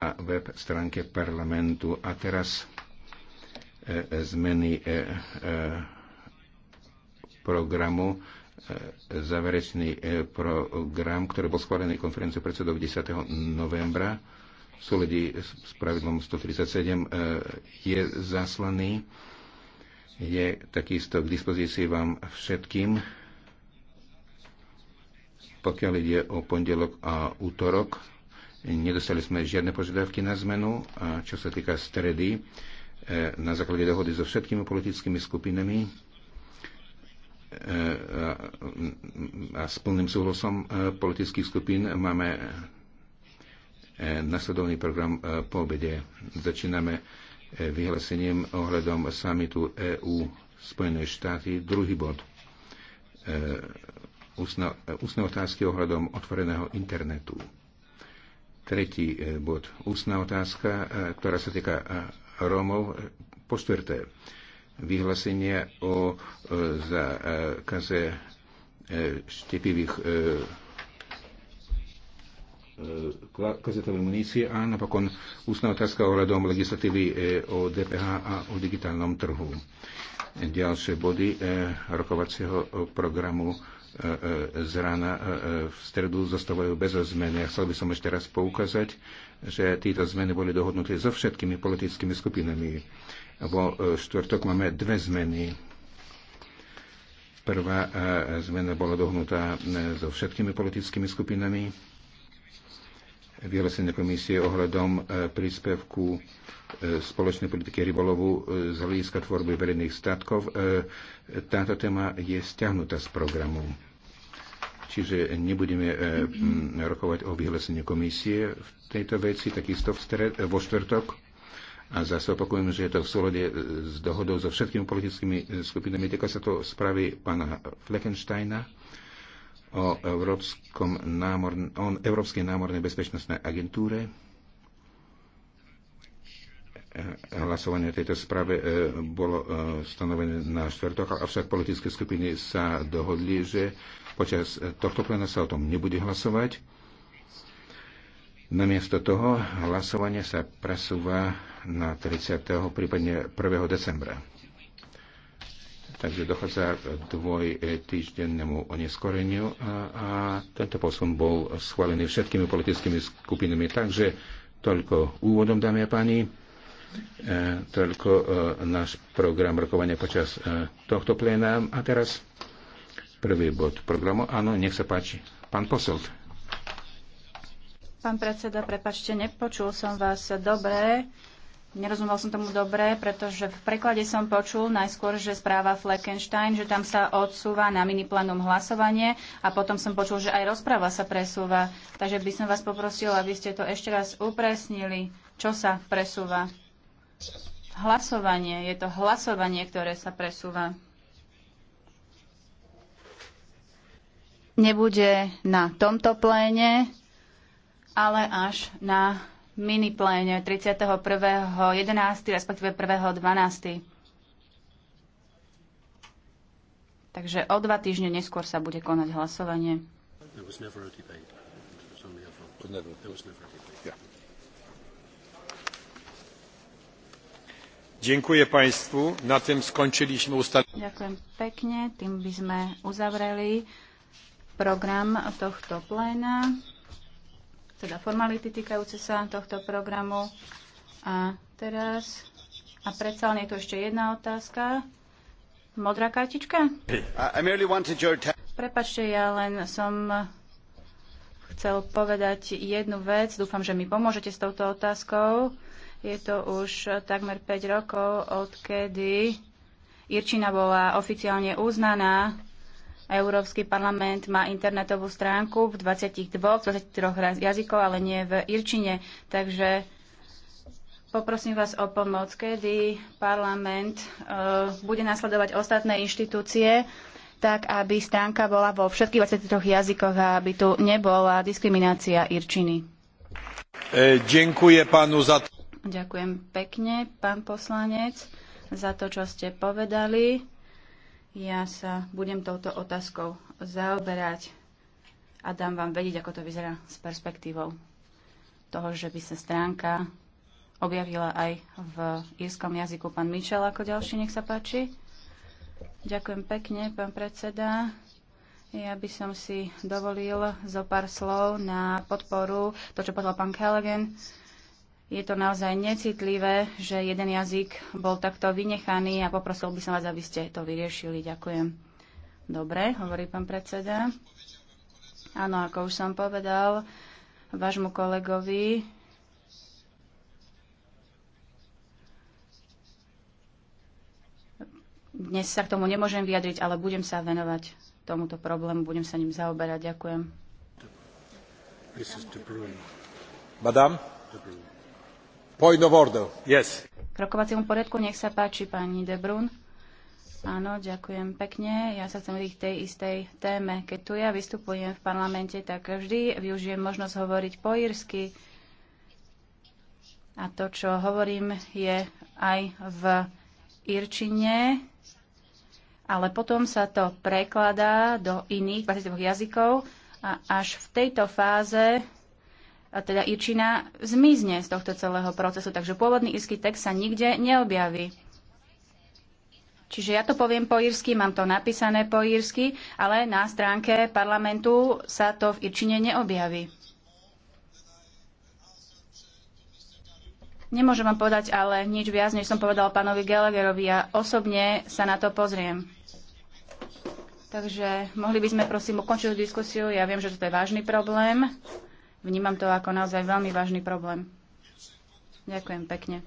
na web stránke parlamentu. A teraz e, e, zmeny e, programu záverečný program, ktorý bol schválený konferenciou predsedov 10. novembra v súlede s pravidlom 137 je zaslaný. Je takisto k dispozícii vám všetkým. Pokiaľ ide o pondelok a útorok, Nedostali sme žiadne požiadavky na zmenu. A čo sa týka stredy, e, na základe dohody so všetkými politickými skupinami e, a s plným súhlasom e, politických skupín máme nasledovný program po obede. Začíname vyhlásením ohľadom samitu EU Spojené štáty. Druhý bod. Ústne otázky ohľadom otvoreného internetu. Tretí e, bod. Ústna otázka, e, ktorá sa týka e, Rómov. Po štvrté, vyhlásenie o zákaze štepivých kazetové munície a napokon ústna otázka ohľadom legislatívy o DPH a o digitálnom trhu ďalšie body eh, rokovacieho eh, programu eh, z rána v stredu zostávajú bez zmeny. Ja chcel by som ešte raz poukázať, že títo zmeny boli dohodnuté so všetkými politickými skupinami. Vo štvrtok máme dve zmeny. Prvá zmena bola dohnutá so všetkými politickými skupinami vyhlásenia komisie ohľadom e, príspevku e, spoločnej politiky rybolovu e, z hľadiska tvorby verejných statkov. Táto téma je stiahnutá z programu. Čiže nebudeme rokovať o vyhlásení komisie v tejto veci, takisto v stred, vo štvrtok. A zase opakujem, že je to v súlade s dohodou so všetkými politickými skupinami. Týka sa to správy pána Fleckensteina o, Európskom námor, o Európskej námornej bezpečnostnej agentúre. E, hlasovanie tejto správe e, bolo e, stanovené na štvrtok, avšak politické skupiny sa dohodli, že počas tohto plena sa o tom nebude hlasovať. Namiesto toho hlasovanie sa presúva na 30. prípadne 1. decembra. Takže dochádza k dvoj e, týždennému oneskoreniu a, a tento posun bol schválený všetkými politickými skupinami. Takže toľko úvodom, dámy a páni, e, toľko e, náš program rokovania počas e, tohto pléna. A teraz prvý bod programu. Áno, nech sa páči. Pán posol. Pán predseda, prepačte, nepočul som vás dobre. Nerozumel som tomu dobre, pretože v preklade som počul najskôr, že správa Fleckenstein, že tam sa odsúva na miniplánom hlasovanie a potom som počul, že aj rozpráva sa presúva. Takže by som vás poprosil, aby ste to ešte raz upresnili, čo sa presúva. Hlasovanie, je to hlasovanie, ktoré sa presúva. Nebude na tomto pléne, ale až na minipléne 31.11. respektíve 1.12. Takže o dva týždne neskôr sa bude konať hlasovanie. Dziękuję Państwu. Na tym skończyliśmy ustalenie. Ďakujem pekne. Tým by sme uzavreli program tohto pléna teda formality týkajúce sa tohto programu. A teraz, a predsa len je tu ešte jedna otázka. Modrá kartička? Prepačte, ja len som chcel povedať jednu vec. Dúfam, že mi pomôžete s touto otázkou. Je to už takmer 5 rokov, odkedy Irčina bola oficiálne uznaná Európsky parlament má internetovú stránku v 22, 23 jazykov, ale nie v Irčine. Takže poprosím vás o pomoc, kedy parlament uh, bude nasledovať ostatné inštitúcie, tak aby stránka bola vo všetkých 23 jazykoch a aby tu nebola diskriminácia Irčiny. E, ďakujem pánu za... Ďakujem pekne, pán poslanec, za to, čo ste povedali. Ja sa budem touto otázkou zaoberať a dám vám vedieť, ako to vyzerá s perspektívou toho, že by sa stránka objavila aj v írskom jazyku. Pán Mičel ako ďalší, nech sa páči. Ďakujem pekne, pán predseda. Ja by som si dovolil zo pár slov na podporu to, čo povedal pán Callaghan je to naozaj necitlivé, že jeden jazyk bol takto vynechaný a poprosil by som vás, aby ste to vyriešili. Ďakujem. Dobre, hovorí pán predseda. Áno, ako už som povedal vášmu kolegovi, dnes sa k tomu nemôžem vyjadriť, ale budem sa venovať tomuto problému, budem sa ním zaoberať. Ďakujem. Madame? Point of order. K rokovaciemu poriadku nech sa páči pani Debrun. Áno, ďakujem pekne. Ja sa chcem k tej istej téme. Keď tu ja vystupujem v parlamente, tak vždy využijem možnosť hovoriť po írsky. A to, čo hovorím, je aj v írčine, ale potom sa to prekladá do iných 22 jazykov a až v tejto fáze teda Irčina zmizne z tohto celého procesu, takže pôvodný írsky text sa nikde neobjaví. Čiže ja to poviem po írsky, mám to napísané po írsky, ale na stránke parlamentu sa to v Irčine neobjaví. Nemôžem vám povedať ale nič viac, než som povedal pánovi Gallagherovi. Ja osobne sa na to pozriem. Takže mohli by sme prosím ukončiť diskusiu. Ja viem, že toto je vážny problém. Vnímam to ako naozaj veľmi vážny problém. Ďakujem pekne.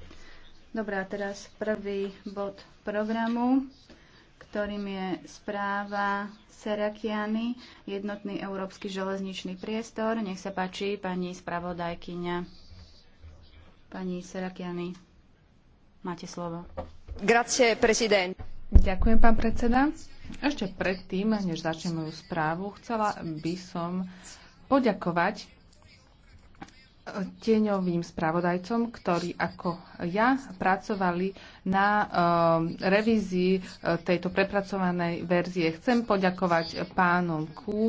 Dobre, a teraz prvý bod programu, ktorým je správa Serakiany, jednotný európsky železničný priestor. Nech sa páči, pani spravodajkyňa. Pani Serakiany, máte slovo. Grazie, prezident. Ďakujem, pán predseda. Ešte predtým, než začnem moju správu, chcela by som poďakovať tieňovým spravodajcom, ktorí ako ja pracovali na eh, revízii eh, tejto prepracovanej verzie. Chcem poďakovať pánom Kún,